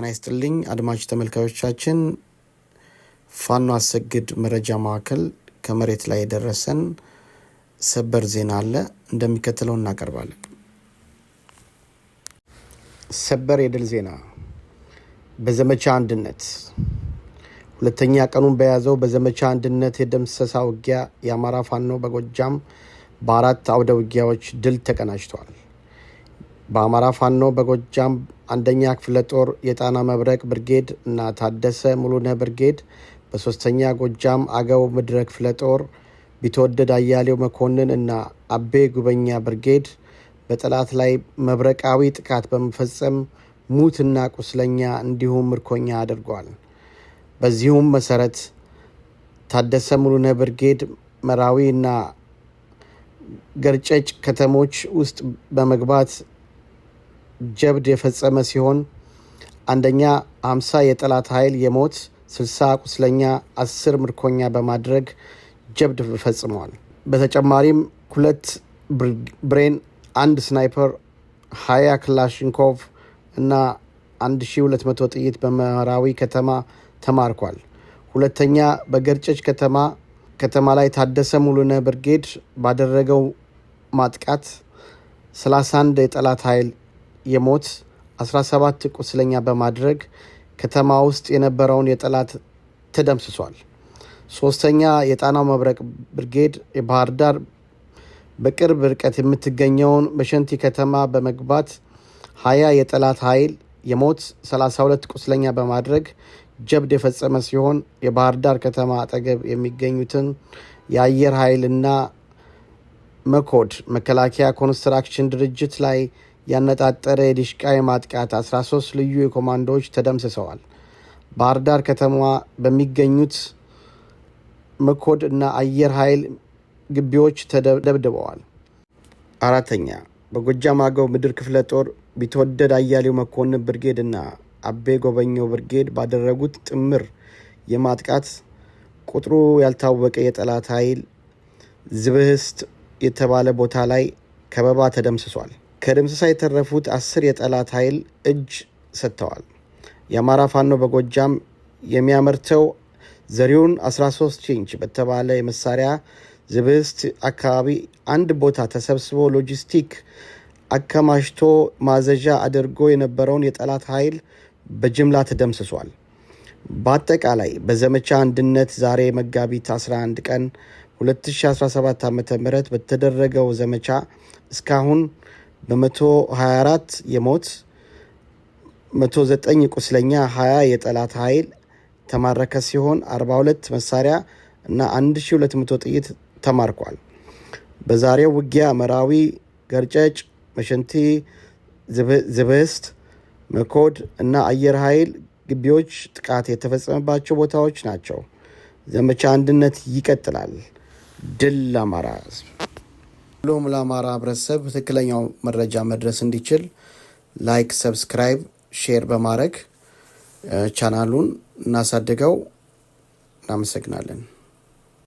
ጤና ይስጥልኝ አድማጭ ተመልካዮቻችን። ፋኖ አሰግድ መረጃ ማዕከል ከመሬት ላይ የደረሰን ሰበር ዜና አለ፣ እንደሚከተለው እናቀርባለን። ሰበር የድል ዜና በዘመቻ አንድነት ሁለተኛ ቀኑን በያዘው በዘመቻ አንድነት የደምሰሳ ውጊያ የአማራ ፋኖ በጎጃም በአራት አውደ ውጊያዎች ድል ተቀናጅተዋል። በአማራ ፋኖ በጎጃም አንደኛ ክፍለ ጦር የጣና መብረቅ ብርጌድ እና ታደሰ ሙሉነ ብርጌድ በሶስተኛ ጎጃም አገው ምድረ ክፍለ ጦር ቢተወደድ አያሌው መኮንን እና አቤ ጉበኛ ብርጌድ በጠላት ላይ መብረቃዊ ጥቃት በመፈጸም ሙትና ቁስለኛ እንዲሁም ምርኮኛ አድርጓል። በዚሁም መሰረት ታደሰ ሙሉነ ብርጌድ መራዊ እና ገርጨጭ ከተሞች ውስጥ በመግባት ጀብድ የፈጸመ ሲሆን አንደኛ አምሳ የጠላት ኃይል የሞት ስልሳ ቁስለኛ አስር ምርኮኛ በማድረግ ጀብድ ፈጽመዋል። በተጨማሪም ሁለት ብሬን፣ አንድ ስናይፐር፣ ሀያ ክላሽንኮቭ እና 1200 ጥይት በመራዊ ከተማ ተማርኳል። ሁለተኛ በገርጨች ከተማ ከተማ ላይ ታደሰ ሙሉነ ብርጌድ ባደረገው ማጥቃት 31 የጠላት ኃይል የሞት 17 ቁስለኛ በማድረግ ከተማ ውስጥ የነበረውን የጠላት ተደምስሷል። ሶስተኛ የጣናው መብረቅ ብርጌድ የባህር ዳር በቅርብ ርቀት የምትገኘውን በሸንቲ ከተማ በመግባት 20 የጠላት ኃይል የሞት 32 ቁስለኛ በማድረግ ጀብድ የፈጸመ ሲሆን የባህር ዳር ከተማ አጠገብ የሚገኙትን የአየር ኃይልና መኮድ መከላከያ ኮንስትራክሽን ድርጅት ላይ ያነጣጠረ የዲሽቃ የማጥቃት 13 ልዩ የኮማንዶዎች ተደምስሰዋል። ባህር ዳር ከተማ በሚገኙት መኮድ እና አየር ኃይል ግቢዎች ተደብድበዋል። አራተኛ በጎጃም አገው ምድር ክፍለ ጦር ቢትወደድ አያሌው መኮንን ብርጌድ እና አቤ ጎበኘው ብርጌድ ባደረጉት ጥምር የማጥቃት ቁጥሩ ያልታወቀ የጠላት ኃይል ዝብህስት የተባለ ቦታ ላይ ከበባ ተደምስሷል። ከድምሰሳ የተረፉት አስር የጠላት ኃይል እጅ ሰጥተዋል። የአማራ ፋኖ በጎጃም የሚያመርተው ዘሪውን 13 ኢንች በተባለ የመሳሪያ ዝብስት አካባቢ አንድ ቦታ ተሰብስቦ ሎጂስቲክ አከማችቶ ማዘዣ አድርጎ የነበረውን የጠላት ኃይል በጅምላ ተደምስሷል። በአጠቃላይ በዘመቻ አንድነት ዛሬ መጋቢት 11 ቀን 2017 ዓ ም በተደረገው ዘመቻ እስካሁን በ124 የሞት 109 ቁስለኛ 20 የጠላት ኃይል ተማረከ ሲሆን 42 መሳሪያ እና 1200 ጥይት ተማርኳል። በዛሬው ውጊያ መራዊ፣ ገርጨጭ፣ መሸንቲ፣ ዝብህስት፣ መኮድ እና አየር ኃይል ግቢዎች ጥቃት የተፈጸመባቸው ቦታዎች ናቸው። ዘመቻ አንድነት ይቀጥላል። ድል ለአማራ ህዝብ። አክሎም ለአማራ ህብረተሰብ ትክክለኛው መረጃ መድረስ እንዲችል ላይክ፣ ሰብስክራይብ፣ ሼር በማድረግ ቻናሉን እናሳድገው። እናመሰግናለን።